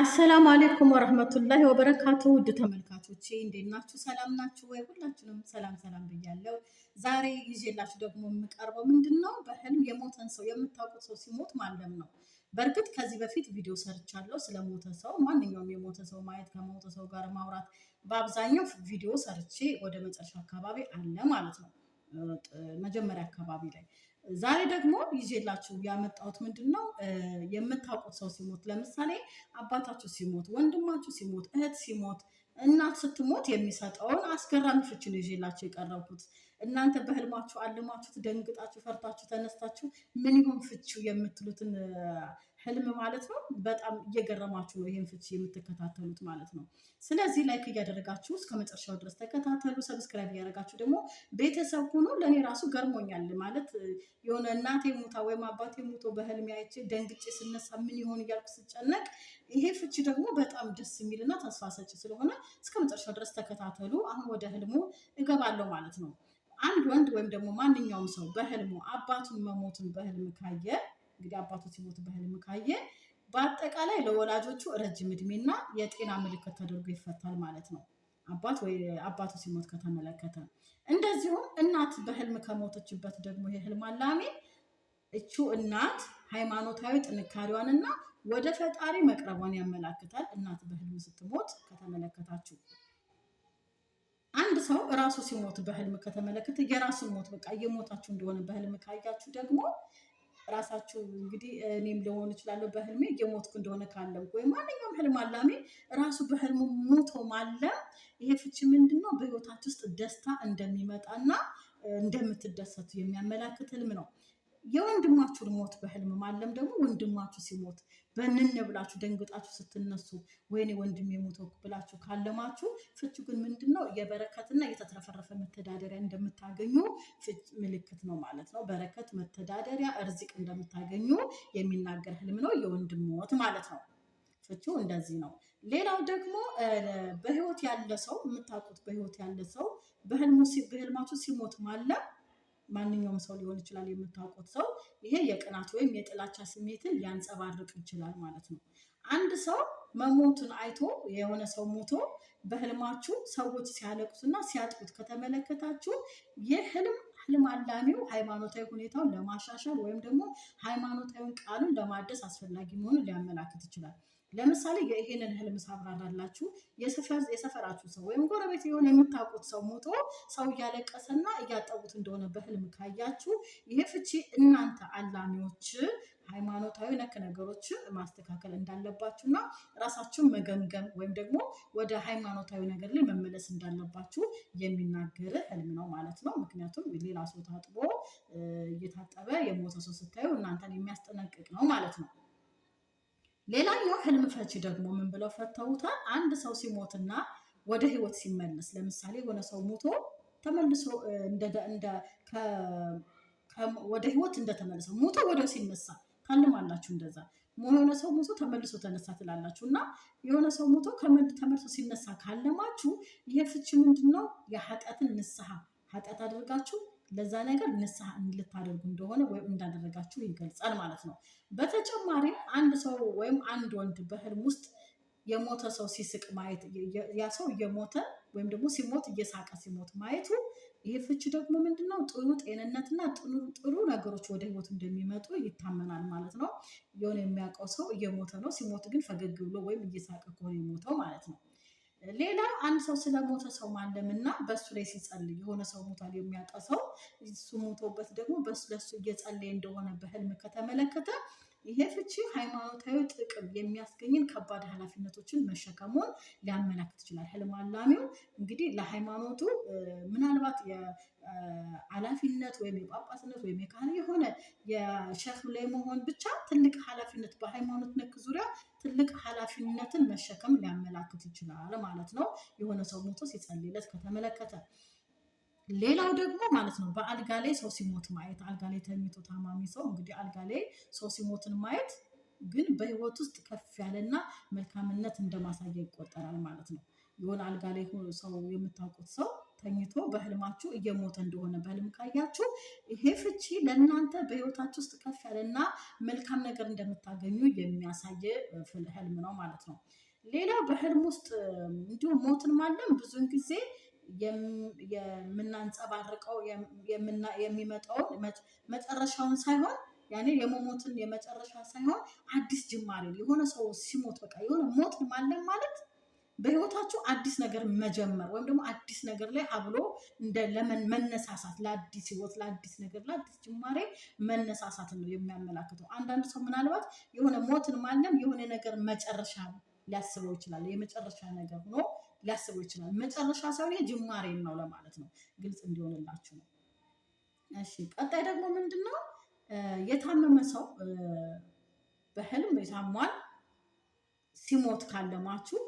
አሰላሙ አሌይኩም ወረህመቱላሂ ወበረካቱ። ውድ ተመልካቾቼ እንዴት ናችሁ? ሰላም ናችሁ ወይ? ሁላችንም ሰላም ሰላም ብያለሁ። ዛሬ ይዤላችሁ ደግሞ የምቀርበው ምንድን ነው፣ በህልም የሞተን ሰው የምታውቁት ሰው ሲሞት ማለም ነው። በእርግጥ ከዚህ በፊት ቪዲዮ ሰርቻለሁ ስለ ሞተ ሰው፣ ማንኛውም የሞተ ሰው ማየት፣ ከሞተ ሰው ጋር ማውራት፣ በአብዛኛው ቪዲዮ ሰርቼ ወደ መጨረሻ አካባቢ አለ ማለት ነው መጀመሪያ አካባቢ ላይ ዛሬ ደግሞ ይዤላችሁ ያመጣሁት ምንድን ነው፣ የምታውቁት ሰው ሲሞት፣ ለምሳሌ አባታችሁ ሲሞት፣ ወንድማችሁ ሲሞት፣ እህት ሲሞት፣ እናት ስትሞት የሚሰጠውን አስገራሚ ፍቺ ነው ይዤላችሁ የቀረብኩት። እናንተ በህልማችሁ አልማችሁት ደንግጣችሁ፣ ፈርታችሁ፣ ተነስታችሁ ምን ይሆን ፍቺው የምትሉትን ህልም ማለት ነው። በጣም እየገረማችሁ ነው ይህን ፍቺ የምትከታተሉት ማለት ነው። ስለዚህ ላይክ እያደረጋችሁ እስከ መጨረሻው ድረስ ተከታተሉ። ሰብስክራይብ እያደረጋችሁ ደግሞ ቤተሰብ ሆኖ ለእኔ ራሱ ገርሞኛል ማለት የሆነ እናቴ ሙታ ወይም አባቴ ሙቶ በህልም ያይቼ ደንግጬ ስነሳ ምን ይሆን እያልኩ ስጨነቅ፣ ይሄ ፍቺ ደግሞ በጣም ደስ የሚልና ተስፋ ሰጭ ስለሆነ እስከ መጨረሻው ድረስ ተከታተሉ። አሁን ወደ ህልሙ እገባለሁ ማለት ነው። አንድ ወንድ ወይም ደግሞ ማንኛውም ሰው በህልሙ አባቱን መሞቱን በህልም ካየ እንግዲህ አባቱ ሲሞት በህልም ካየ በአጠቃላይ ለወላጆቹ ረጅም እድሜና የጤና ምልክት ተደርጎ ይፈታል ማለት ነው። አባት ወይ አባቱ ሲሞት ከተመለከተ እንደዚሁም እናት በህልም ከሞተችበት ደግሞ የህልም አላሚ እቹ እናት ሃይማኖታዊ ጥንካሬዋንና ወደ ፈጣሪ መቅረቧን ያመላክታል። እናት በህልም ስትሞት ከተመለከታችሁ አንድ ሰው ራሱ ሲሞት በህልም ከተመለከተ የራሱን ሞት በቃ እየሞታችሁ እንደሆነ በህልም ካያችሁ ደግሞ ራሳችሁ እንግዲህ እኔም ልሆን እችላለሁ በህልሜ የሞትኩ እንደሆነ ካለም ወይ ማንኛውም ህልም አላሜ ራሱ በህልሙ ሞቶ ማለም ይሄ ፍቺ ምንድን ነው? በህይወታችሁ ውስጥ ደስታ እንደሚመጣና እንደምትደሰቱ የሚያመላክት ህልም ነው። የወንድማችሁን ሞት በህልም ማለም ደግሞ ወንድማችሁ ሲሞት በንን ብላችሁ ደንግጣችሁ ስትነሱ ወይኔ ወንድም የሞተው ብላችሁ ካለማችሁ ፍቹ ግን ምንድነው የበረከትና የተትረፈረፈ መተዳደሪያ እንደምታገኙ ምልክት ነው ማለት ነው። በረከት፣ መተዳደሪያ፣ እርዚቅ እንደምታገኙ የሚናገር ህልም ነው። የወንድም ሞት ማለት ነው። ፍቹ እንደዚህ ነው። ሌላው ደግሞ በህይወት ያለ ሰው የምታውቁት በህይወት ያለ ሰው በህልማችሁ ሲሞት ማለም ማንኛውም ሰው ሊሆን ይችላል የምታውቁት ሰው ይሄ የቅናት ወይም የጥላቻ ስሜትን ሊያንጸባርቅ ይችላል ማለት ነው። አንድ ሰው መሞቱን አይቶ የሆነ ሰው ሞቶ በህልማችሁ ሰዎች ሲያለቁትና ሲያጥቁት ከተመለከታችሁ ይህ ህልም ህልም አላሚው ሃይማኖታዊ ሁኔታውን ለማሻሻል ወይም ደግሞ ሃይማኖታዊን ቃሉን ለማደስ አስፈላጊ መሆኑን ሊያመላክት ይችላል። ለምሳሌ ይሄንን ህልም ሳብራራላችሁ የሰፈራችሁ ሰው ወይም ጎረቤት የሆነ የምታውቁት ሰው ሞቶ ሰው እያለቀሰና እያጠቡት እንደሆነ በህልም ካያችሁ ይሄ ፍቺ እናንተ አላሚዎች ሃይማኖታዊ ነክ ነገሮችን ማስተካከል እንዳለባችሁ እና ራሳችሁን መገምገም ወይም ደግሞ ወደ ሃይማኖታዊ ነገር ላይ መመለስ እንዳለባችሁ የሚናገር ህልም ነው ማለት ነው። ምክንያቱም ሌላ ሰው ታጥቦ እየታጠበ የሞተ ሰው ስታዩ እናንተን የሚያስጠነቅቅ ነው ማለት ነው። ሌላኛው ህልም ፈቺ ደግሞ ምን ብለው ፈተውታል? አንድ ሰው ሲሞትና ወደ ህይወት ሲመለስ፣ ለምሳሌ የሆነ ሰው ሞቶ ተመልሶ ወደ ህይወት እንደተመለሰ ሞቶ ወደው ሲነሳ ታልማላችሁ። እንደዛ የሆነ ሰው ሞቶ ተመልሶ ተነሳ ትላላችሁ። እና የሆነ ሰው ሞቶ ተመልሶ ሲነሳ ካለማችሁ ይሄ ፍቺ ምንድን ነው? የኃጢአትን ንስሐ ኃጢአት አድርጋችሁ ለዛ ነገር ንስሐ ልታደርጉ እንደሆነ ወይም እንዳደረጋችሁ ይገልጻል ማለት ነው። በተጨማሪም አንድ ሰው ወይም አንድ ወንድ በህልም ውስጥ የሞተ ሰው ሲስቅ ማየት ያ ሰው እየሞተ ወይም ደግሞ ሲሞት እየሳቀ ሲሞት ማየቱ ይህ ፍቺ ደግሞ ምንድነው? ጥሩ ጤንነትና ጥሩ ነገሮች ወደ ህይወት እንደሚመጡ ይታመናል ማለት ነው። የሆነ የሚያውቀው ሰው እየሞተ ነው፣ ሲሞት ግን ፈገግ ብሎ ወይም እየሳቀ ከሆነ የሞተው ማለት ነው። ሌላ አንድ ሰው ስለሞተ ሰው ማለም እና በእሱ ላይ ሲጸልይ የሆነ ሰው ሞቷል የሚያጣ ሰው እሱ ሞቶበት ደግሞ በሱ ለሱ እየጸለየ እንደሆነ በህልም ከተመለከተ ይሄ ፍቺ ሃይማኖታዊ ጥቅም የሚያስገኝን ከባድ ኃላፊነቶችን መሸከሙን ሊያመላክት ይችላል። ህልም አላሚው እንግዲህ ለሃይማኖቱ ምናልባት የአላፊነት ወይም የጳጳስነት ወይም የካህን የሆነ የሸህ ላይ መሆን ብቻ ትልቅ ኃላፊነት በሃይማኖት ነክ ዙሪያ ትልቅ ኃላፊነትን መሸከም ሊያመላክት ይችላል ማለት ነው። የሆነ ሰው ሞቶ ሲጸልይለት ከተመለከተ ሌላው ደግሞ ማለት ነው በአልጋ ላይ ሰው ሲሞት ማየት፣ አልጋ ላይ ተኝቶ ታማሚ ሰው እንግዲህ አልጋ ላይ ሰው ሲሞትን ማየት ግን በህይወት ውስጥ ከፍ ያለና መልካምነት እንደማሳያ ይቆጠራል ማለት ነው። የሆነ አልጋ ላይ ሰው የምታውቁት ሰው ተኝቶ በህልማችሁ እየሞተ እንደሆነ በህልም ካያችሁ ይሄ ፍቺ ለእናንተ በህይወታችሁ ውስጥ ከፍ ያለና መልካም ነገር እንደምታገኙ የሚያሳይ ህልም ነው ማለት ነው። ሌላ በህልም ውስጥ እንዲሁም ሞትን ማለም ብዙውን ጊዜ የምናንጸባርቀው የሚመጣውን መጨረሻውን ሳይሆን ያኔ የመሞትን የመጨረሻ ሳይሆን አዲስ ጅማሬ የሆነ ሰው ሲሞት በቃ የሆነ ሞት ማለም ማለት በህይወታቸው አዲስ ነገር መጀመር ወይም ደግሞ አዲስ ነገር ላይ አብሎ እንደ ለመን መነሳሳት ለአዲስ ህይወት ለአዲስ ነገር ለአዲስ ጅማሬ መነሳሳትን ነው የሚያመላክተው። አንዳንድ ሰው ምናልባት የሆነ ሞትን ማለም የሆነ ነገር መጨረሻ ሊያስበው ይችላል። የመጨረሻ ነገር ሆኖ ሊያስቡ ይችላል። መጨረሻ ሳይሆን ጅማሬ ነው ለማለት ነው። ግልጽ እንዲሆንላችሁ ነው። እሺ፣ ቀጣይ ደግሞ ምንድን ነው? የታመመ ሰው በህልም የታሟል ሲሞት ካለማችሁ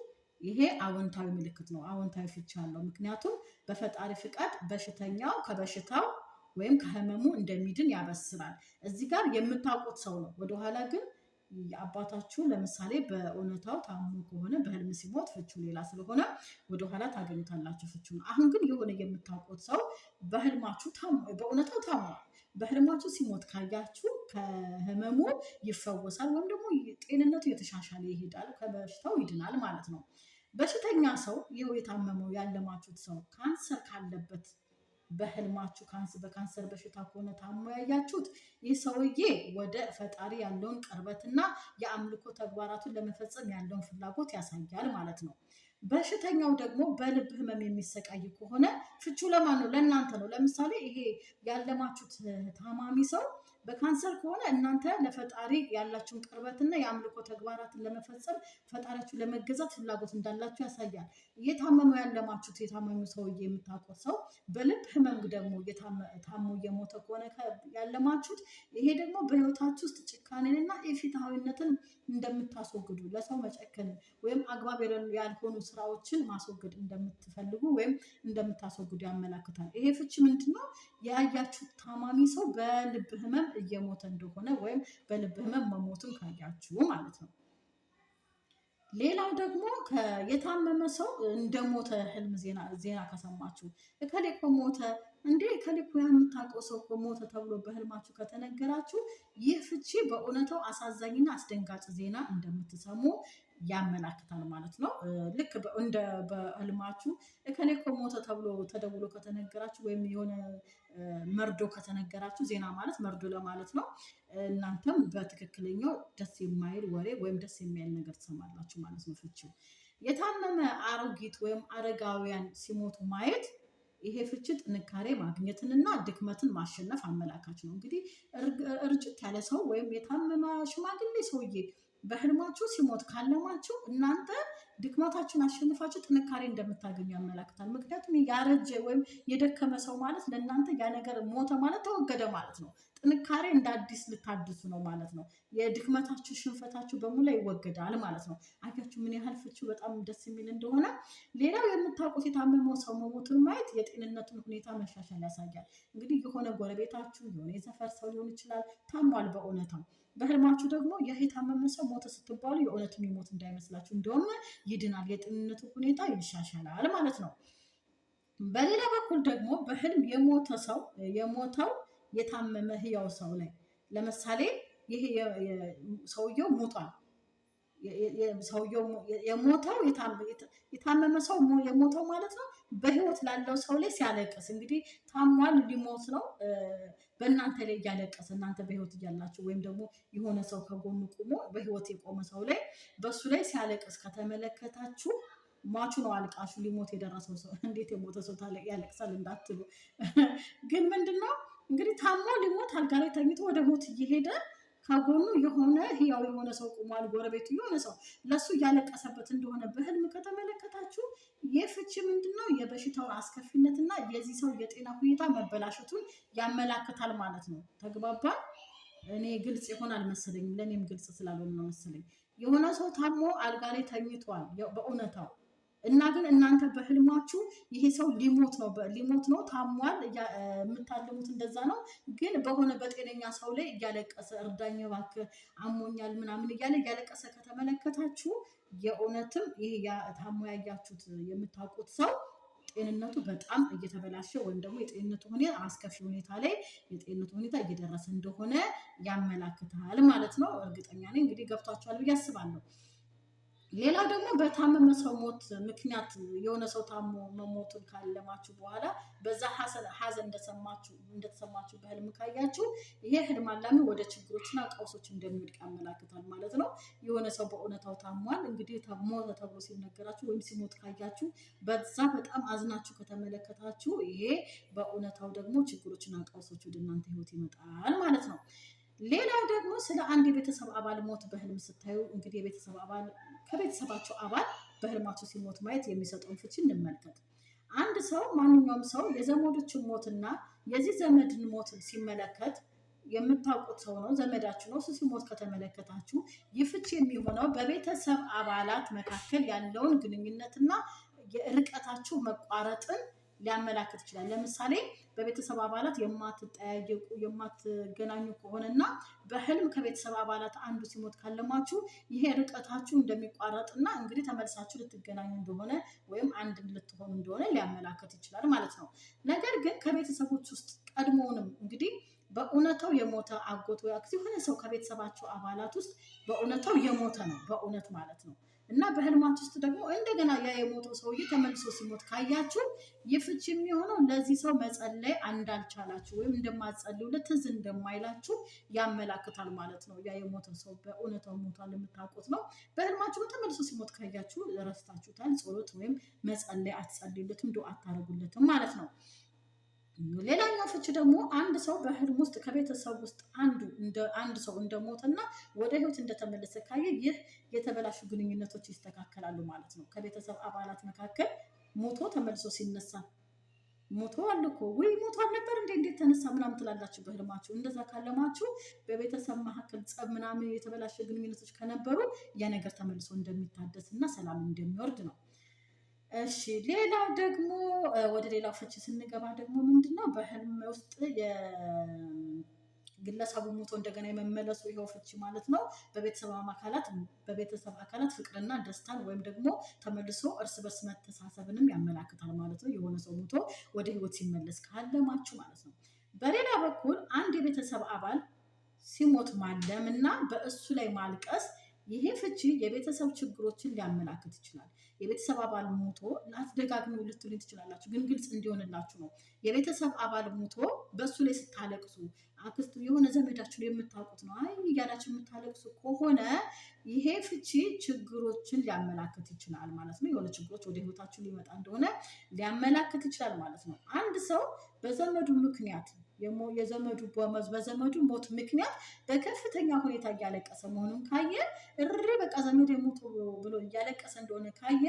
ይሄ አዎንታዊ ምልክት ነው፣ አዎንታዊ ፍቺ አለው። ምክንያቱም በፈጣሪ ፍቃድ በሽተኛው ከበሽታው ወይም ከህመሙ እንደሚድን ያበስራል። እዚህ ጋር የምታውቁት ሰው ነው። ወደኋላ ግን አባታችሁ ለምሳሌ በእውነታው ታሞ ከሆነ በህልም ሲሞት ፍቹ ሌላ ስለሆነ ወደኋላ ታገኙታላችሁ ፍቺውን። አሁን ግን የሆነ የምታውቁት ሰው በህልማችሁ በእውነታው ታሟል፣ በህልማችሁ ሲሞት ካያችሁ ከህመሙ ይፈወሳል ወይም ደግሞ ጤንነቱ የተሻሻለ ይሄዳል፣ ከበሽታው ይድናል ማለት ነው። በሽተኛ ሰው ይኸው የታመመው ያለማችሁት ሰው ካንሰር ካለበት በህልማችሁ በካንሰር በሽታ ከሆነ ታሞ ያያችሁት ይህ ሰውዬ ወደ ፈጣሪ ያለውን ቅርበትና የአምልኮ ተግባራቱን ለመፈጸም ያለውን ፍላጎት ያሳያል ማለት ነው። በሽተኛው ደግሞ በልብ ህመም የሚሰቃይ ከሆነ ፍቹ ለማን ነው? ለእናንተ ነው። ለምሳሌ ይሄ ያለማችሁት ታማሚ ሰው በካንሰር ከሆነ እናንተ ለፈጣሪ ያላችሁን ቅርበትና የአምልኮ ተግባራትን ለመፈጸም ፈጣሪያችሁ ለመገዛት ፍላጎት እንዳላችሁ ያሳያል። እየታመመ ያለማችሁት የታመሙ ሰውዬ የምታውቁት ሰው በልብ ህመም ደግሞ ታሞ እየሞተ ከሆነ ያለማችሁት፣ ይሄ ደግሞ በህይወታችሁ ውስጥ እና የፊታዊነትን እንደምታስወግዱ ለሰው መጨከን ወይም አግባብ ያልሆኑ ስራዎችን ማስወገድ እንደምትፈልጉ ወይም እንደምታስወግዱ ያመላክታል። ይሄ ፍቺ ምንድነው ያያችሁት ታማሚ ሰው በልብ ህመም እየሞተ እንደሆነ ወይም በልብ ህመም መሞቱን ካያችሁ ማለት ነው። ሌላው ደግሞ የታመመ ሰው እንደሞተ ህልም ዜና ከሰማችሁ እከሌ እኮ ሞተ እንዴ እከሌ እኮ የምታውቀው ሰው እኮ ሞተ ተብሎ በህልማችሁ ከተነገራችሁ ይህ ፍቺ በእውነታው አሳዛኝና አስደንጋጭ ዜና እንደምትሰሙ ያመላክታል ማለት ነው። ልክ እንደ በህልማችሁ እከሌ እኮ ሞተ ተብሎ ተደውሎ ከተነገራችሁ ወይም የሆነ መርዶ ከተነገራችሁ ዜና ማለት መርዶ ለማለት ነው። እናንተም በትክክለኛው ደስ የማይል ወሬ ወይም ደስ የማይል ነገር ትሰማላችሁ ማለት ነው። ፍቺው የታመመ አሮጊት ወይም አረጋውያን ሲሞቱ ማየት ይሄ ፍቺ ጥንካሬ ማግኘትንና ድክመትን ማሸነፍ አመላካች ነው። እንግዲህ እርጅት ያለ ሰው ወይም የታመመ ሽማግሌ ሰውዬ በህልማችሁ ሲሞት ካለማችሁ እናንተ ድክመታችሁን አሸንፋችሁ ጥንካሬ እንደምታገኙ ያመላክታል። ምክንያቱም ያረጀ ወይም የደከመ ሰው ማለት ለእናንተ ያ ነገር ሞተ ማለት ተወገደ ማለት ነው። ጥንካሬ እንደ አዲስ ልታድሱ ነው ማለት ነው። የድክመታችሁ ሽንፈታችሁ በሙላ ይወገዳል ማለት ነው። አያችሁ ምን ያህል ፍቺው በጣም ደስ የሚል እንደሆነ። ሌላው የምታውቁት የታመመው ሰው መሞቱን ማየት የጤንነቱን ሁኔታ መሻሻል ያሳያል። እንግዲህ የሆነ ጎረቤታችሁ የሆነ የሰፈር ሰው ሊሆን ይችላል ታሟል በእውነታው በህልማችሁ ደግሞ ይህ የታመመ ሰው ሞተ ስትባሉ የእውነት የሚሞት እንዳይመስላችሁ፣ እንዲሁም ይድናል፣ የጤንነቱ ሁኔታ ይሻሻላል ማለት ነው። በሌላ በኩል ደግሞ በህልም የሞተ ሰው የሞተው የታመመ ህያው ሰው ላይ ለምሳሌ ይሄ ሰውየው ሞቷል ሰውየው የሞተው የታመመ ሰው የሞተው ማለት ነው በህይወት ላለው ሰው ላይ ሲያለቅስ እንግዲህ ታሟል፣ ሊሞት ነው። በእናንተ ላይ እያለቀሰ እናንተ በህይወት እያላችሁ ወይም ደግሞ የሆነ ሰው ከጎኑ ቁሞ በህይወት የቆመ ሰው ላይ በሱ ላይ ሲያለቅስ ከተመለከታችሁ ሟቹ ነው አልቃሹ፣ ሊሞት የደረሰው ሰው እንዴት የሞተ ሰው ያለቅሳል እንዳትሉ። ግን ምንድነው እንግዲህ ታሟ ሊሞት አልጋ ላይ ተኝቶ ወደ ሞት እየሄደ ከጎኑ የሆነ ህያው የሆነ ሰው ቁሟል ጎረቤቱ የሆነ ሰው ለሱ እያለቀሰበት እንደሆነ በህልም ከተመለከታችሁ ይህ ፍቺ የበሽታው አስከፊነትና የዚህ ሰው የጤና ሁኔታ መበላሸቱን ያመላክታል ማለት ነው። ተግባባ? እኔ ግልጽ ይሆን አልመሰለኝም። ለእኔም ግልጽ ስላልሆነ ነው መሰለኝ። የሆነ ሰው ታሞ አልጋ ላይ ተኝቷል። በእውነታው እና ግን እናንተ በህልማችሁ ይሄ ሰው ሊሞት ነው ሊሞት ነው ታሟል፣ የምታልሙት እንደዛ ነው። ግን በሆነ በጤነኛ ሰው ላይ እያለቀሰ እርዳኝ እባክህ አሞኛል ምናምን እያለ እያለቀሰ ከተመለከታችሁ የእውነትም ይሄ ታሞ ያያችሁት የምታውቁት ሰው ጤንነቱ በጣም እየተበላሸ ወይም ደግሞ የጤንነቱ ሁኔታ አስከፊ ሁኔታ ላይ የጤንነቱ ሁኔታ እየደረሰ እንደሆነ ያመላክታል ማለት ነው። እርግጠኛ ነኝ እንግዲህ ገብቷችኋል ብዬ አስባለሁ። ሌላ ደግሞ በታመመ ሰው ሞት ምክንያት የሆነ ሰው ታሞ መሞቱን ካለማችሁ በኋላ በዛ ሀዘ እንደተሰማችሁ በህልም ካያችሁ ይሄ ህልም አላሚ ወደ ችግሮችና ቀውሶች እንደሚወድቅ ያመላክታል ማለት ነው። የሆነ ሰው በእውነታው ታሟል። እንግዲህ ሞተ ተብሎ ሲነገራችሁ ወይም ሲሞት ካያችሁ በዛ በጣም አዝናችሁ ከተመለከታችሁ ይሄ በእውነታው ደግሞ ችግሮችና ቀውሶች ወደ እናንተ ህይወት ይመጣል ማለት ነው። ሌላ ደግሞ ስለ አንድ የቤተሰብ አባል ሞት በህልም ስታዩ እንግዲህ የቤተሰብ አባል ከቤተሰባቸው አባል በህልማቱ ሲሞት ማየት የሚሰጠውን ፍቺ እንመልከት። አንድ ሰው ማንኛውም ሰው የዘመዶችን ሞትና የዚህ ዘመድን ሞት ሲመለከት የምታውቁት ሰው ነው፣ ዘመዳችሁ ነው። እሱ ሲሞት ከተመለከታችሁ ይህ ፍቺ የሚሆነው በቤተሰብ አባላት መካከል ያለውን ግንኙነትና የርቀታችሁ መቋረጥን ሊያመላክት ይችላል። ለምሳሌ በቤተሰብ አባላት የማትጠያየቁ የማትገናኙ ከሆነና በህልም ከቤተሰብ አባላት አንዱ ሲሞት ካለማችሁ ይሄ ርቀታችሁ እንደሚቋረጥና እንግዲህ ተመልሳችሁ ልትገናኙ እንደሆነ ወይም አንድ ልትሆኑ እንደሆነ ሊያመላክት ይችላል ማለት ነው። ነገር ግን ከቤተሰቦች ውስጥ ቀድሞውንም እንግዲህ በእውነታው የሞተ አጎት ወይ አክስት የሆነ ሰው ከቤተሰባቸው አባላት ውስጥ በእውነታው የሞተ ነው በእውነት ማለት ነው እና በህልማት ውስጥ ደግሞ እንደገና ያ የሞተው ሰውዬ ተመልሶ ሲሞት ካያችሁ ይፍች የሚሆነው ለዚህ ሰው መጸለይ እንዳልቻላችሁ ወይም እንደማትጸልዩለት ትዝ እንደማይላችሁ ያመላክታል ማለት ነው። ያ የሞተው ሰው በእውነታው ሞቷል የምታውቁት ነው። በህልማችሁ ተመልሶ ሲሞት ካያችሁ ረስታችሁታል። ጸሎት ወይም መጸለይ አትጸልዩለትም፣ ዱዓ አታደርጉለትም ማለት ነው። ሌላኛው ፍቺ ደግሞ አንድ ሰው በህልም ውስጥ ከቤተሰብ ውስጥ አንዱ አንድ ሰው እንደሞተና ወደ ህይወት እንደተመለሰ ካየ ይህ የተበላሹ ግንኙነቶች ይስተካከላሉ ማለት ነው። ከቤተሰብ አባላት መካከል ሞቶ ተመልሶ ሲነሳ ሞቶ አለ እኮ ወይ ሞቶ አልነበር እንዴ እንዴት ተነሳ ምናምን ትላላችሁ በህልማችሁ። እንደዛ ካለማችሁ በቤተሰብ መካከል ጸብ ምናምን የተበላሸ ግንኙነቶች ከነበሩ ያ ነገር ተመልሶ እንደሚታደስ እና ሰላም እንደሚወርድ ነው። እሺ ሌላው ደግሞ ወደ ሌላው ፍቺ ስንገባ ደግሞ ምንድነው በህልም ውስጥ ግለሰቡ ሞቶ እንደገና የመመለሱ ይኸው ፍቺ ማለት ነው። በቤተሰብ አካላት በቤተሰብ አካላት ፍቅርና ደስታን ወይም ደግሞ ተመልሶ እርስ በርስ መተሳሰብንም ያመላክታል ማለት ነው። የሆነ ሰው ሞቶ ወደ ህይወት ሲመለስ ካለማችሁ ማለት ነው። በሌላ በኩል አንድ የቤተሰብ አባል ሲሞት ማለም እና በእሱ ላይ ማልቀስ ይሄ ፍቺ የቤተሰብ ችግሮችን ሊያመላክት ይችላል። የቤተሰብ አባል ሞቶ ላትደጋግመው ልትሉኝ ትችላላችሁ፣ ግን ግልጽ እንዲሆንላችሁ ነው። የቤተሰብ አባል ሞቶ በእሱ ላይ ስታለቅሱ አክስቱ የሆነ ዘመዳችሁ የምታውቁት ነው አይ እያላችሁ የምታለቅሱ ከሆነ ይሄ ፍቺ ችግሮችን ሊያመላክት ይችላል ማለት ነው። የሆነ ችግሮች ወደ ህይወታችሁ ሊመጣ እንደሆነ ሊያመላክት ይችላል ማለት ነው። አንድ ሰው በዘመዱ ምክንያት የዘመዱ በዘመዱ ሞት ምክንያት በከፍተኛ ሁኔታ እያለቀሰ መሆኑን ካየ እሬ በቃ ዘመድ የሞቱ ብሎ እያለቀሰ እንደሆነ ካየ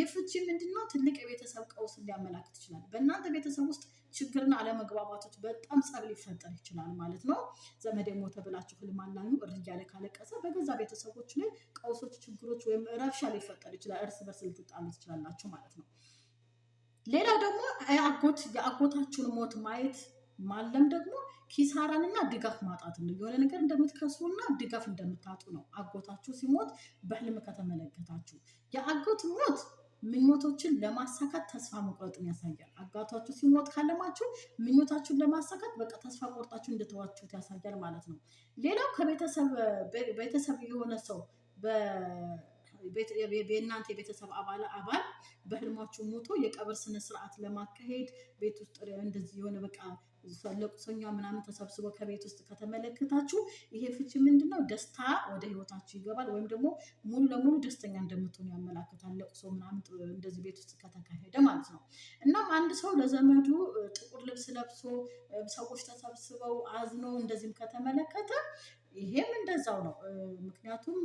የፍቺ ምንድነው ትልቅ የቤተሰብ ቀውስ ሊያመላክት ይችላል። በእናንተ ቤተሰብ ውስጥ ችግርና አለመግባባቶች በጣም ጸብ ሊፈጠር ይችላል ማለት ነው። ዘመድ የሞተ ብላችሁ ህልም አላኙ እር እያለ ካለቀሰ በገዛ ቤተሰቦች ላይ ቀውሶች፣ ችግሮች ወይም ረብሻ ሊፈጠር ይችላል። እርስ በርስ ልትጣሉ ትችላላችሁ ማለት ነው። ሌላ ደግሞ አጎት የአጎታችሁን ሞት ማየት ማለም ደግሞ ኪሳራንና ድጋፍ ማጣት ነው። የሆነ ነገር እንደምትከስሩና ድጋፍ እንደምታጡ ነው። አጎታችሁ ሲሞት በህልም ከተመለከታችሁ የአጎት ሞት ምኞቶችን ለማሳካት ተስፋ መቁረጥን ያሳያል። አጋቷችሁ ሲሞት ካለማችሁ ምኞታችሁን ለማሳካት በቃ ተስፋ ቆርጣችሁ እንደተዋችሁት ያሳያል ማለት ነው። ሌላው ከቤተሰብ የሆነ ሰው የእናንተ የቤተሰብ አባል አባል በህልማችሁ ሞቶ የቀብር ስነ ለማካሄድ ቤት ውስጥ እንደዚህ የሆነ በቃ ለቁሰኛ ምናምን ተሰብስቦ ከቤት ውስጥ ከተመለከታችሁ ይሄ ፍቺ ምንድነው? ደስታ ወደ ህይወታችሁ ይገባል፣ ወይም ደግሞ ሙሉ ለሙሉ ደስተኛ እንደምትሆኑ ያመላክታል። ለቁሶ ምናምን እንደዚህ ቤት ውስጥ ከተካሄደ ማለት ነው። እናም አንድ ሰው ለዘመዱ ጥቁር ልብስ ለብሶ ሰዎች ተሰብስበው አዝኖ እንደዚህም ከተመለከተ ይሄም እንደዛው ነው። ምክንያቱም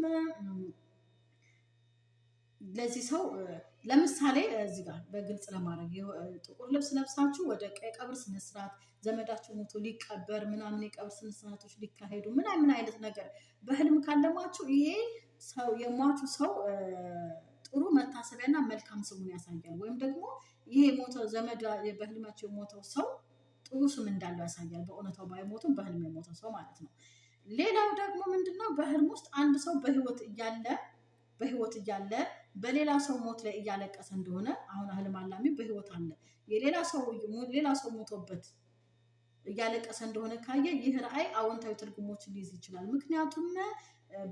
ለዚህ ሰው ለምሳሌ እዚህ ጋር በግልጽ ለማድረግ ጥቁር ልብስ ለብሳችሁ ወደ ቀይ ቀብር ስነስርዓት ዘመዳችሁ ሞቶ ሊቀበር ምናምን የቀብር ስነስርዓቶች ሊካሄዱ ምናምን አይነት ነገር በህልም ካለማችሁ ይሄ ሰው የሟቹ ሰው ጥሩ መታሰቢያና መልካም ስሙን ያሳያል። ወይም ደግሞ ይሄ የሞተው ዘመድ በህልማቸው የሞተው ሰው ጥሩ ስም እንዳለው ያሳያል። በእውነታው ባይሞቱም በህልም የሞተው ሰው ማለት ነው። ሌላው ደግሞ ምንድነው በህልም ውስጥ አንድ ሰው በህይወት እያለ በህይወት እያለ በሌላ ሰው ሞት ላይ እያለቀሰ እንደሆነ አሁን ህልም አላሚ በህይወት አለ የሌላ ሰው ሌላ ሰው ሞቶበት እያለቀሰ እንደሆነ ካየ ይህ ራዕይ አዎንታዊ ትርጉሞችን ሊይዝ ይችላል። ምክንያቱም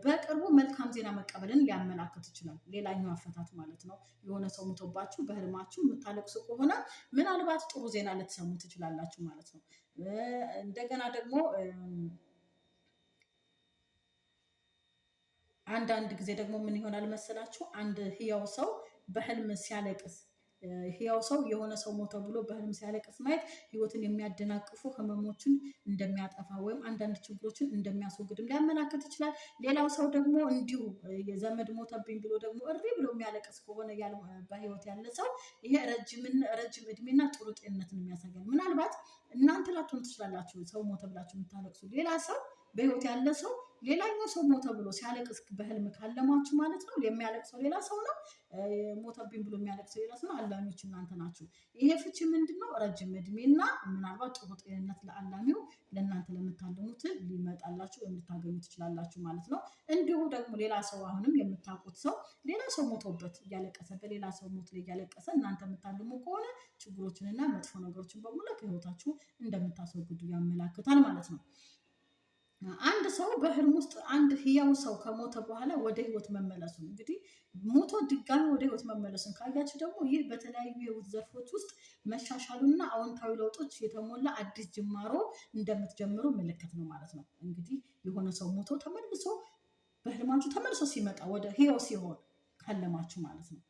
በቅርቡ መልካም ዜና መቀበልን ሊያመላክት ይችላል። ሌላኛው አፈታት ማለት ነው። የሆነ ሰው ሙቶባችሁ በህልማችሁ የምታለቅሱ ከሆነ ምናልባት ጥሩ ዜና ልትሰሙ ትችላላችሁ ማለት ነው። እንደገና ደግሞ አንዳንድ ጊዜ ደግሞ ምን ይሆናል መሰላችሁ አንድ ህያው ሰው በህልም ሲያለቅስ ህያው ሰው የሆነ ሰው ሞተ ብሎ በህልም ሲያለቅስ ማየት ህይወትን የሚያደናቅፉ ህመሞችን እንደሚያጠፋ ወይም አንዳንድ ችግሮችን እንደሚያስወግድም ሊያመላክት ይችላል። ሌላው ሰው ደግሞ እንዲሁ የዘመድ ሞተብኝ ብሎ ደግሞ እሪ ብሎ የሚያለቅስ ከሆነ በህይወት ያለ ሰው ይሄ ረጅም እድሜና ጥሩ ጤንነትን የሚያሳያል። ምናልባት እናንተ ላትሆን ትችላላችሁ ሰው ሞተ ብላችሁ የምታለቅሱ ሌላ ሰው በህይወት ያለ ሰው ሌላኛው ሰው ሞተ ብሎ ሲያለቅስ በህልም ካለማችሁ ማለት ነው የሚያለቅሰው ሌላ ሰው ነው፣ ሞተብኝ ብሎ የሚያለቅሰው ሌላ ሰው ነው። አላሚዎች እናንተ ናችሁ። ይሄ ፍቺ ምንድን ነው? ረጅም እድሜና ምናልባት ጥሩ ጤንነት ለአላሚው ለእናንተ ለምታልሙት ሊመጣላችሁ ወይም ልታገኙ ትችላላችሁ ማለት ነው። እንዲሁ ደግሞ ሌላ ሰው አሁንም የምታውቁት ሰው ሌላ ሰው ሞቶበት እያለቀሰ በሌላ ሰው ሞት ላይ እያለቀሰ እናንተ የምታልሙ ከሆነ ችግሮችንና መጥፎ ነገሮችን በሙሉ ከህይወታችሁ እንደምታስወግዱ ያመላክታል ማለት ነው። አንድ ሰው በህልም ውስጥ አንድ ህያው ሰው ከሞተ በኋላ ወደ ህይወት መመለሱን እንግዲህ ሞቶ ድጋሚ ወደ ህይወት መመለሱን ካያችሁ ደግሞ ይህ በተለያዩ የህይወት ዘርፎች ውስጥ መሻሻሉና አዎንታዊ ለውጦች የተሞላ አዲስ ጅማሮ እንደምትጀምሩ ምልክት ነው ማለት ነው። እንግዲህ የሆነ ሰው ሞቶ ተመልሶ በህልማችሁ ተመልሶ ሲመጣ ወደ ህያው ሲሆን ካለማችሁ ማለት ነው።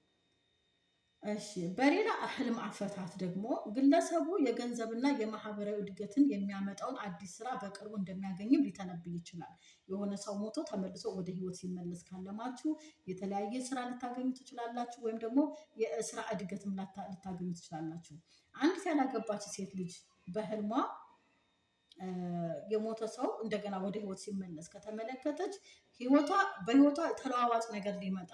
እሺ በሌላ ህልም አፈታት ደግሞ ግለሰቡ የገንዘብና የማህበራዊ እድገትን የሚያመጣውን አዲስ ስራ በቅርቡ እንደሚያገኝም ሊተነብይ ይችላል። የሆነ ሰው ሞቶ ተመልሶ ወደ ህይወት ሲመለስ ካለማችሁ የተለያየ ስራ ልታገኙ ትችላላችሁ፣ ወይም ደግሞ የስራ እድገትም ልታገኙ ትችላላችሁ። አንዲት ያላገባች ሴት ልጅ በህልሟ የሞተ ሰው እንደገና ወደ ህይወት ሲመለስ ከተመለከተች ህይወቷ በህይወቷ ተለዋዋጭ ነገር ሊመጣ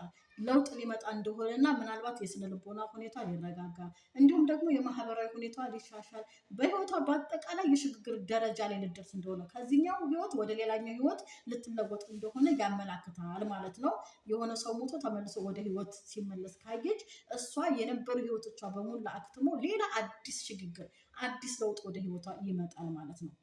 ለውጥ ሊመጣ እንደሆነ ምናልባት የስነ ልቦና ሁኔታ ሊረጋጋ እንዲሁም ደግሞ የማህበራዊ ሁኔታ ሊሻሻል በህይወቷ በአጠቃላይ የሽግግር ደረጃ ላይ ልደርስ እንደሆነ ከዚህኛው ህይወት ወደ ሌላኛው ህይወት ልትለወጥ እንደሆነ ያመላክታል ማለት ነው። የሆነ ሰው ሞቶ ተመልሶ ወደ ህይወት ሲመለስ ካየች እሷ የነበሩ ህይወቶቿ በሙሉ አክትሞ ሌላ አዲስ ሽግግር፣ አዲስ ለውጥ ወደ ህይወቷ ይመጣል ማለት ነው።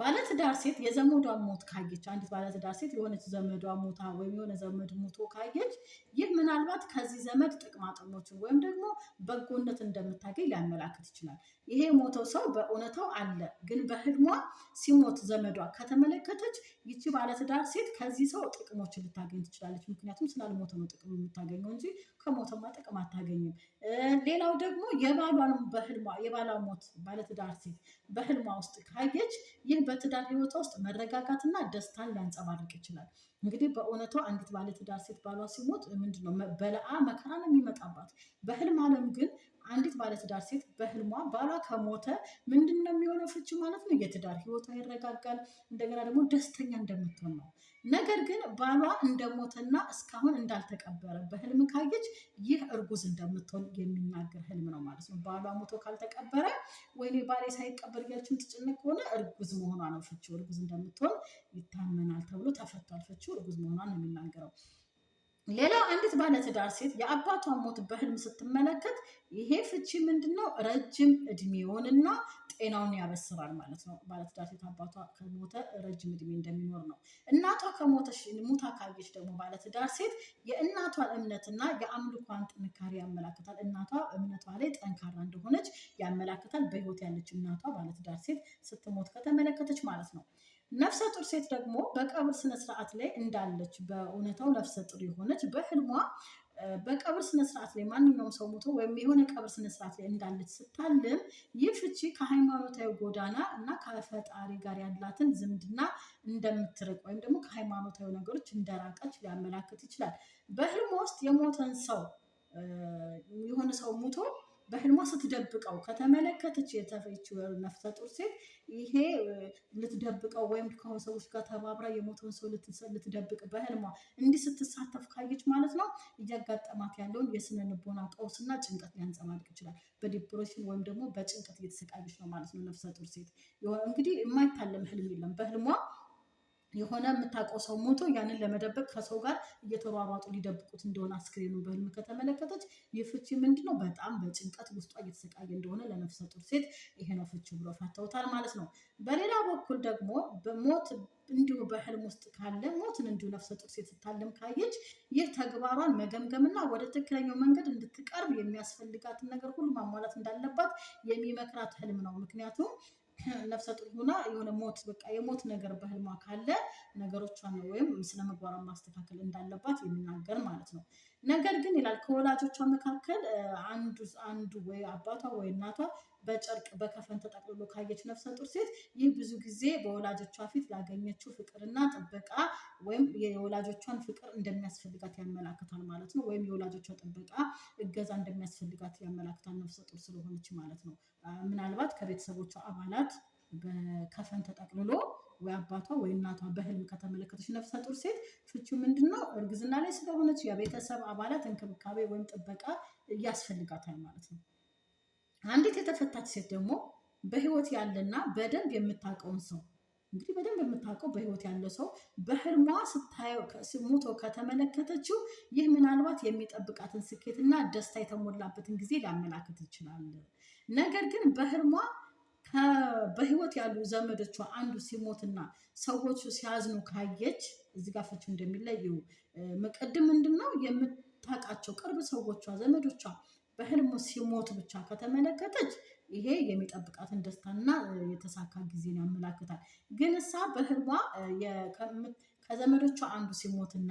ባለትዳር ሴት የዘመዷ ሞት ካየች አንዲት ባለትዳር ሴት የሆነች ዘመዷ ሞታ ወይም የሆነ ዘመድ ሞቶ ካየች ይህ ምናልባት ከዚህ ዘመድ ጥቅማጥቅሞችን ወይም ደግሞ በጎነት እንደምታገኝ ሊያመላክት ይችላል። ይሄ የሞተው ሰው በእውነታው አለ፣ ግን በህልሟ ሲሞት ዘመዷ ከተመለከተች ይቺ ባለትዳር ሴት ከዚህ ሰው ጥቅሞችን ልታገኝ ትችላለች። ምክንያቱም ስላልሞተ ነው ጥቅም የምታገኘው እንጂ ከሞተማ ጥቅም አታገኝም። ሌላው ደግሞ የባሏን በህልሟ የባሏ ሞት ባለትዳር ሴት በህልሟ ውስጥ ካየች ይህ በትዳር ህይወቷ ውስጥ መረጋጋትና ደስታን ሊያንጸባርቅ ይችላል። እንግዲህ በእውነቷ አንዲት ባለትዳር ሴት ባሏ ሲሞት ምንድነው በለአ መከራ ነው የሚመጣባት። በህልም አለም ግን አንዲት ባለትዳር ሴት በህልሟ ባሏ ከሞተ ምንድን ነው የሚሆነው? ፍቺ ማለት ነው የትዳር ህይወቷ ይረጋጋል። እንደገና ደግሞ ደስተኛ እንደምትሆን ነው ነገር ግን ባሏ እንደሞተና እስካሁን እንዳልተቀበረ በህልም ካየች ይህ እርጉዝ እንደምትሆን የሚናገር ህልም ነው ማለት ነው። ባሏ ሞቶ ካልተቀበረ ወይኔ ባሌ ሳይቀበር እያለችን ትጭንቅ ከሆነ እርጉዝ መሆኗ ነው ፍቺው። እርጉዝ እንደምትሆን ይታመናል ተብሎ ተፈቷል። ፍቺው እርጉዝ መሆኗን ነው የሚናገረው። ሌላ አንዲት ባለትዳር ሴት የአባቷን ሞት በህልም ስትመለከት ይሄ ፍቺ ምንድን ነው? ረጅም እድሜውንና ጤናውን ያበስራል ማለት ነው። ባለትዳር ሴት አባቷ ከሞተ ረጅም እድሜ እንደሚኖር ነው። እናቷ ከሞተች ሙታ ካየች ደግሞ ባለትዳር ሴት የእናቷን እምነትና የአምልኳን ጥንካሬ ያመላክታል። እናቷ እምነቷ ላይ ጠንካራ እንደሆነች ያመላክታል። በህይወት ያለች እናቷ ባለትዳር ሴት ስትሞት ከተመለከተች ማለት ነው። ነፍሰ ጡር ሴት ደግሞ በቀብር ስነስርዓት ላይ እንዳለች በእውነታው ነፍሰ ጡር የሆነች በህልሟ በቀብር ስነስርዓት ላይ ማንኛውም ሰው ሞቶ ወይም የሆነ ቀብር ስነስርዓት ላይ እንዳለች ስታልም ይህ ፍቺ ከሃይማኖታዊ ጎዳና እና ከፈጣሪ ጋር ያላትን ዝምድና እንደምትርቅ ወይም ደግሞ ከሃይማኖታዊ ነገሮች እንደራቀች ሊያመላክት ይችላል። በህልም ውስጥ የሞተን ሰው የሆነ ሰው ሙቶ በህልሟ ስትደብቀው ከተመለከተች የተፈች ነፍሰ ጡር ሴት ይሄ ልትደብቀው ወይም ከሆኑ ሰዎች ጋር ተባብራ የሞተውን ሰው ልትደብቅ በህልሟ እንዲህ ስትሳተፍ ካየች ማለት ነው እያጋጠማት ያለውን የስነ ልቦና ቀውስና ጭንቀት ሊያንጸባርቅ ይችላል። በዲፕሬሽን ወይም ደግሞ በጭንቀት እየተሰቃየች ነው ማለት ነው ነፍሰ ጡር ሴት። እንግዲህ የማይታለም ህልም የለም በህልሟ የሆነ የምታውቀው ሰው ሞቶ ያንን ለመደበቅ ከሰው ጋር እየተሯሯጡ ሊደብቁት እንደሆነ አስክሬኑ በህልም ከተመለከተች የፍቺ ፍቺ ምንድን ነው? በጣም በጭንቀት ውስጧ እየተሰቃየ እንደሆነ ለነፍሰ ጡር ሴት ይሄ ነው ፍቺ ብሎ ፈተውታል ማለት ነው። በሌላ በኩል ደግሞ በሞት እንዲሁ በህልም ውስጥ ካለ ሞትን እንዲሁ ነፍሰ ጡር ሴት ስታለም ካየች ይህ ተግባሯን መገምገምና ወደ ትክክለኛው መንገድ እንድትቀርብ የሚያስፈልጋትን ነገር ሁሉ ማሟላት እንዳለባት የሚመክራት ህልም ነው። ምክንያቱም ነፍሰ ጡር ሆና የሆነ ሞት በቃ የሞት ነገር በህልሟ ካለ ነገሮቿን ወይም ስነ ምግባሯን ማስተካከል እንዳለባት የሚናገር ማለት ነው። ነገር ግን ይላል ከወላጆቿ መካከል አንዱ አንዱ ወይ አባቷ ወይ እናቷ በጨርቅ በከፈን ተጠቅልሎ ካየች ነፍሰ ጡር ሴት ይህ ብዙ ጊዜ በወላጆቿ ፊት ላገኘችው ፍቅርና ጥበቃ ወይም የወላጆቿን ፍቅር እንደሚያስፈልጋት ያመላክታል ማለት ነው። ወይም የወላጆቿ ጥበቃ እገዛ እንደሚያስፈልጋት ያመላክታል ነፍሰ ጡር ስለሆነች ማለት ነው። ምናልባት ከቤተሰቦቿ አባላት በከፈን ተጠቅልሎ ወይ አባቷ ወይ እናቷ በህልም ከተመለከተች ነፍሰ ጡር ሴት ፍቺው ምንድን ነው? እርግዝና ላይ ስለሆነች የቤተሰብ አባላት እንክብካቤ ወይም ጥበቃ ያስፈልጋታል ማለት ነው። አንዲት የተፈታች ሴት ደግሞ በህይወት ያለና በደንብ የምታውቀውን ሰው እንግዲህ በደንብ የምታውቀው በህይወት ያለ ሰው በህልሟ ስታየው ሙቶ ከተመለከተችው ይህ ምናልባት የሚጠብቃትን ስኬትና ደስታ የተሞላበትን ጊዜ ሊያመላክት ይችላል። ነገር ግን በህልሟ በህይወት ያሉ ዘመዶቿ አንዱ ሲሞትና ሰዎቹ ሲያዝኑ ካየች እዚህ ጋር ፍቺው እንደሚለዩ መቀድም ምንድን ነው የምታውቃቸው ቅርብ ሰዎቿ ዘመዶቿ በህልሙ ሲሞት ብቻ ከተመለከተች ይሄ የሚጠብቃትን ደስታና የተሳካ ጊዜን ያመላክታል። ግን እሳ በህልሟ ከዘመዶቿ አንዱ ሲሞትና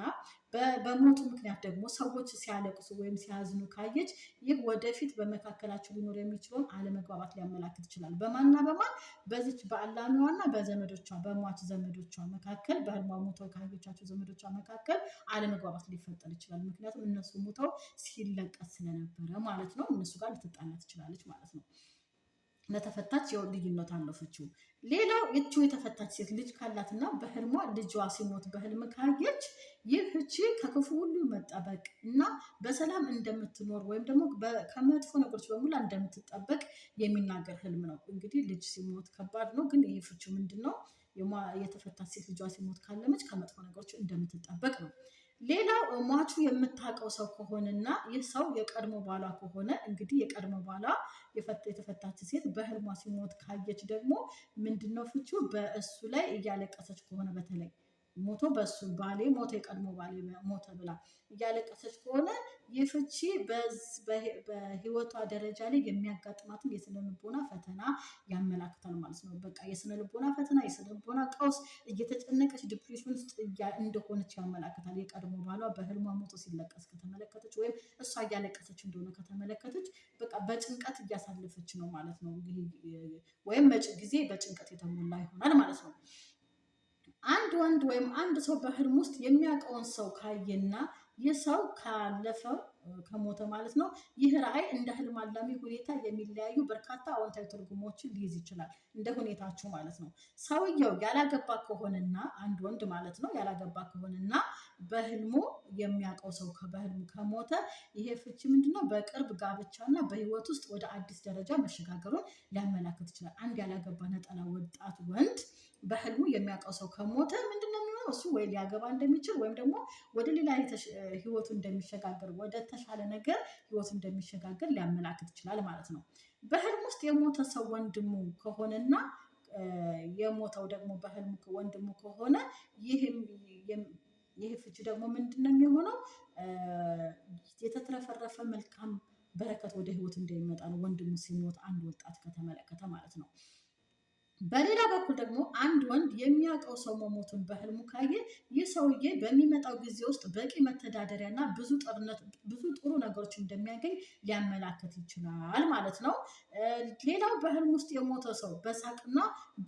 በሞቱ ምክንያት ደግሞ ሰዎች ሲያለቅሱ ወይም ሲያዝኑ ካየች ይህ ወደፊት በመካከላቸው ሊኖር የሚችለውን አለመግባባት ሊያመላክት ይችላል። በማንና በማን? በዚች በአላሚዋና በዘመዶቿ በሟች ዘመዶቿ መካከል በህልሟ ሙተው ካየቻቸው ዘመዶቿ መካከል አለመግባባት ሊፈጠር ይችላል። ምክንያቱም እነሱ ሙተው ሲለቀስ ስለነበረ ማለት ነው። እነሱ ጋር ልትጣላ ትችላለች ማለት ነው። ለተፈታች የው ልዩነት አለፈችው። ሌላው እችው የተፈታች ሴት ልጅ ካላትና በህልሟ ልጇ ሲሞት በህልም ካየች ይህ እቺ ከክፉ ሁሉ መጠበቅ እና በሰላም እንደምትኖር ወይም ደግሞ ከመጥፎ ነገሮች በሙላ እንደምትጠበቅ የሚናገር ህልም ነው። እንግዲህ ልጅ ሲሞት ከባድ ነው፣ ግን ይህ ፍቺ ምንድን ነው? የተፈታች ሴት ልጇ ሲሞት ካለመች ከመጥፎ ነገሮች እንደምትጠበቅ ነው። ሌላው ሟቹ የምታውቀው ሰው ከሆነና ይህ ሰው የቀድሞ ባሏ ከሆነ እንግዲህ የቀድሞ ባሏ የተፈታች ሴት በህልሟ ሲሞት ካየች ደግሞ ምንድነው ፍቺው? በእሱ ላይ እያለቀሰች ከሆነ በተለይ ሞቶ በሱ ባሌ ሞተ፣ የቀድሞ ባሌ ሞተ ብላ እያለቀሰች ከሆነ ይህ ፍቺ በህይወቷ ደረጃ ላይ የሚያጋጥማትን የስነ ልቦና ፈተና ያመላክታል ማለት ነው። በቃ የስነ ልቦና ፈተና፣ የስነ ልቦና ቀውስ፣ እየተጨነቀች ዲፕሬሽን ውስጥ እንደሆነች ያመላክታል። የቀድሞ ባሏ በህልሟ ሞቶ ሲለቀስ ከተመለከተች ወይም እሷ እያለቀሰች እንደሆነ ከተመለከተች በቃ በጭንቀት እያሳለፈች ነው ማለት ነው። ወይም መጭ ጊዜ በጭንቀት የተሞላ ይሆናል ማለት ነው። አንድ ወንድ ወይም አንድ ሰው በህልም ውስጥ የሚያውቀውን ሰው ካየና ይህ ሰው ካለፈው ከሞተ ማለት ነው። ይህ ራእይ እንደ ህልም አላሚ ሁኔታ የሚለያዩ በርካታ አዎንታዊ ትርጉሞችን ሊይዝ ይችላል፣ እንደ ሁኔታችሁ ማለት ነው። ሰውየው ያላገባ ከሆነና አንድ ወንድ ማለት ነው ያላገባ ከሆነና በህልሙ የሚያውቀው ሰው በህልሙ ከሞተ ይሄ ፍቺ ምንድነው? በቅርብ ጋብቻና በህይወት ውስጥ ወደ አዲስ ደረጃ መሸጋገሩን ሊያመላክት ይችላል። አንድ ያላገባ ነጠላ ወጣት ወንድ በህልሙ የሚያውቀው ሰው ከሞተ ምንድነው የሚሆነው? እሱ ወይ ሊያገባ እንደሚችል ወይም ደግሞ ወደ ሌላ ህይወቱ እንደሚሸጋገር ወደ ተሻለ ነገር ህይወቱ እንደሚሸጋገር ሊያመላክት ይችላል ማለት ነው። በህልም ውስጥ የሞተ ሰው ወንድሙ ከሆነና የሞተው ደግሞ በህልሙ ወንድሙ ከሆነ ይህ ፍቺ ደግሞ ምንድነው የሚሆነው? የተትረፈረፈ መልካም በረከት ወደ ህይወት እንደሚመጣ ነው። ወንድሙ ሲሞት አንድ ወጣት ከተመለከተ ማለት ነው። በሌላ በኩል ደግሞ አንድ ወንድ የሚያውቀው ሰው መሞቱን በህልሙ ካየ ይህ ሰውዬ በሚመጣው ጊዜ ውስጥ በቂ መተዳደሪያ እና ብዙ ጥርነት ብዙ ጥሩ ነገሮች እንደሚያገኝ ሊያመላክት ይችላል ማለት ነው። ሌላው በህልም ውስጥ የሞተ ሰው በሳቅና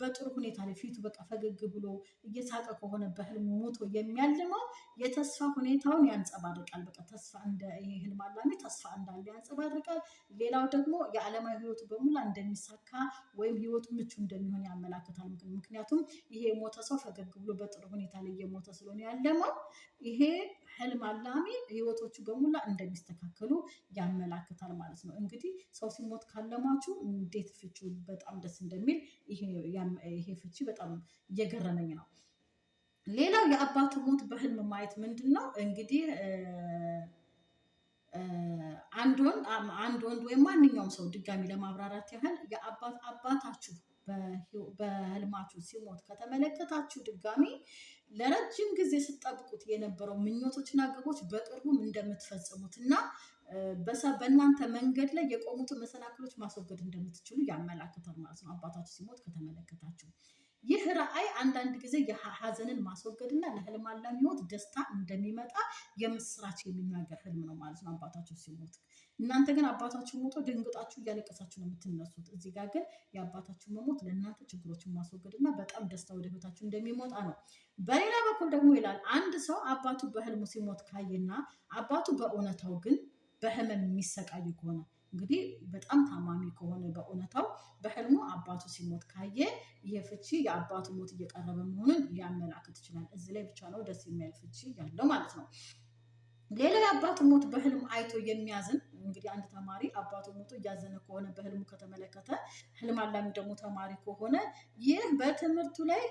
በጥሩ ሁኔታ ላይ ፊቱ በቃ ፈገግ ብሎ እየሳቀ ከሆነ በህልሙ ሞቶ የሚያልመው የተስፋ ሁኔታውን ያንጸባርቃል። በቃ ተስፋ እንደ ይሄ ህልም አላሚ ተስፋ እንዳለ ያንጸባርቃል። ሌላው ደግሞ የዓለማዊ ህይወቱ በሙላ እንደሚሳካ ወይም ህይወቱ ምቹ እንደሚሆን መሆኑን ያመላክታል። ምክንያቱም ይሄ የሞተ ሰው ፈገግ ብሎ በጥሩ ሁኔታ ላይ እየሞተ ስለሆነ ያለመው ይሄ ህልም አላሚ ህይወቶቹ በሙላ እንደሚስተካከሉ ያመላክታል ማለት ነው። እንግዲህ ሰው ሲሞት ካለማችሁ እንዴት ፍቺ በጣም ደስ እንደሚል ይሄ ፍቺ በጣም እየገረመኝ ነው። ሌላው የአባት ሞት በህልም ማየት ምንድን ነው እንግዲህ አንድ ወንድ ወይም ማንኛውም ሰው ድጋሚ ለማብራራት ያህል የአባት አባታችሁ በህልማችሁ ሲሞት ከተመለከታችሁ ድጋሚ ለረጅም ጊዜ ስትጠብቁት የነበረው ምኞቶችና ግቦች በቅርቡም እንደምትፈጽሙት እና በእናንተ መንገድ ላይ የቆሙትን መሰናክሎች ማስወገድ እንደምትችሉ ያመላክታል ማለት ነው። አባታችሁ ሲሞት ከተመለከታችሁ ይህ ራዕይ አንዳንድ ጊዜ ሀዘንን ማስወገድና ለህልም አላሚ ደስታ እንደሚመጣ የምስራች የሚናገር ህልም ነው ማለት ነው አባታችሁ ሲሞት እናንተ ግን አባታችሁ ሞቶ ደንግጣችሁ እያለቀሳችሁ ነው የምትነሱት። እዚህ ጋር ግን የአባታችሁ መሞት ለእናንተ ችግሮችን ማስወገድ እና በጣም ደስታ ወደ ህይወታችሁ እንደሚሞጣ ነው። በሌላ በኩል ደግሞ ይላል አንድ ሰው አባቱ በህልሙ ሲሞት ካየና አባቱ በእውነታው ግን በህመም የሚሰቃይ ከሆነ እንግዲህ በጣም ታማሚ ከሆነ በእውነታው በህልሙ አባቱ ሲሞት ካየ ይሄ ፍቺ የአባቱ ሞት እየቀረበ መሆኑን ሊያመላክት ይችላል። እዚህ ላይ ብቻ ነው ደስ የሚያል ፍቺ ያለው ማለት ነው። ሌላ የአባቱ ሞት በህልም አይቶ የሚያዝን እንግዲህ አንድ ተማሪ አባቱ ሞቶ እያዘነ ከሆነ በህልሙ ከተመለከተ ህልም አላሚ ደግሞ ተማሪ ከሆነ ይህ በትምህርቱ ላይ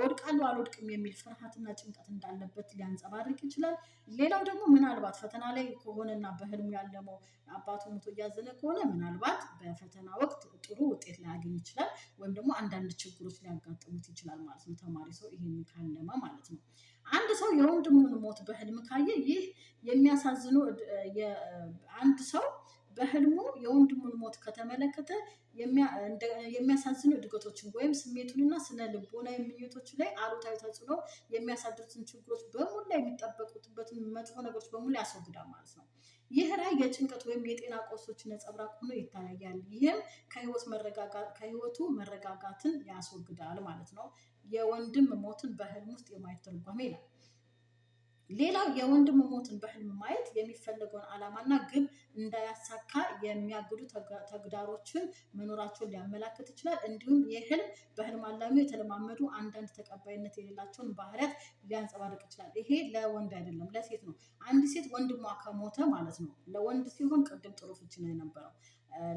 ወድቃለሁ አልወድቅም የሚል ፍርሃትና ጭንቀት እንዳለበት ሊያንጸባርቅ ይችላል። ሌላው ደግሞ ምናልባት ፈተና ላይ ከሆነና በህልሙ ያለመው አባቱ ሞቶ እያዘነ ከሆነ ምናልባት በፈተና ወቅት ጥሩ ውጤት ላያገኝ ይችላል፣ ወይም ደግሞ አንዳንድ ችግሮች ሊያጋጥሙት ይችላል ማለት ነው። ተማሪ ሰው ይሄንን ካለመ ማለት ነው። አንድ ሰው የወንድሙን ሞት በህልም ካየ ይህ የሚያሳዝኑ አንድ ሰው በህልሙ የወንድሙን ሞት ከተመለከተ የሚያሳዝኑ እድገቶችን ወይም ስሜቱንና ስነ ልቦና የምኞቶች ላይ አሉታዊ ተጽዕኖ የሚያሳድሩትን ችግሮች በሙላ የሚጠበቁበትን መጥፎ ነገሮች በሙላ ያስወግዳል ማለት ነው። ይህ ራይ የጭንቀት ወይም የጤና ቆሶች ነጸብራቅ ሆኖ ይታያል። ይህም ከህይወቱ መረጋጋትን ያስወግዳል ማለት ነው። የወንድም ሞትን በህልም ውስጥ የማየት ትርጓሜ ይላል። ሌላው የወንድም ሞትን በህልም ማየት የሚፈለገውን ዓላማና ግብ እንዳያሳካ የሚያግዱ ተግዳሮችን መኖራቸውን ሊያመላክት ይችላል። እንዲሁም የህልም በህልም አላሚው የተለማመዱ አንዳንድ ተቀባይነት የሌላቸውን ባህሪያት ሊያንጸባርቅ ይችላል። ይሄ ለወንድ አይደለም፣ ለሴት ነው። አንድ ሴት ወንድሟ ከሞተ ማለት ነው። ለወንድ ሲሆን ቅድም ጥሩ ፍቺ ነው የነበረው።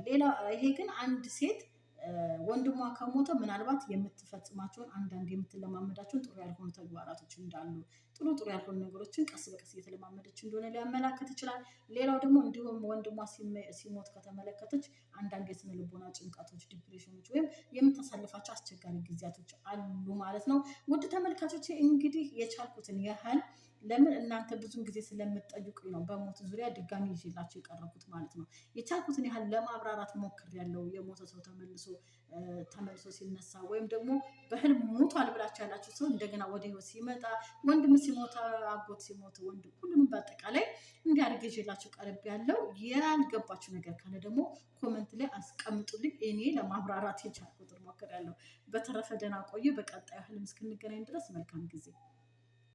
ሌላ ይሄ ግን አንድ ሴት ወንድሟ ከሞተ ምናልባት የምትፈጽማቸውን አንዳንድ የምትለማመዳቸውን ጥሩ ያልሆኑ ተግባራቶች እንዳሉ ጥሩ ጥሩ ያልሆኑ ነገሮችን ቀስ በቀስ እየተለማመደች እንደሆነ ሊያመላከት ይችላል። ሌላው ደግሞ እንዲሁም ወንድሟ ሲሞት ከተመለከተች አንዳንድ የስነ ልቦና ጭንቀቶች፣ ዲፕሬሽኖች ወይም የምታሳልፋቸው አስቸጋሪ ጊዜያቶች አሉ ማለት ነው። ውድ ተመልካቾች እንግዲህ የቻልኩትን ያህል ለምን እናንተ ብዙን ጊዜ ስለምትጠይቁኝ ነው በሞት ዙሪያ ድጋሚ ይዤላቸው የቀረብኩት ማለት ነው። የቻልኩትን ያህል ለማብራራት ያለው የሞተ ሰው ተመልሶ ተመልሶ ሲነሳ ወይም ደግሞ በህልም ሞቷል ብላችሁ ያላችሁ ሰው እንደገና ወደ ህይወት ሲመጣ፣ ወንድም ሲሞት፣ አጎት ሲሞት፣ ወንድም ሁሉንም በአጠቃላይ እንዲህ አድርጌ ቀረብ ያለው ያልገባችሁ ነገር ካለ ደግሞ ኮመንት ላይ አስቀምጡልኝ። እኔ ለማብራራት የቻልኩትን ያለው። በተረፈ ደህና ቆዩ። በቀጣዩ ህልም እስክንገናኝ ድረስ መልካም ጊዜ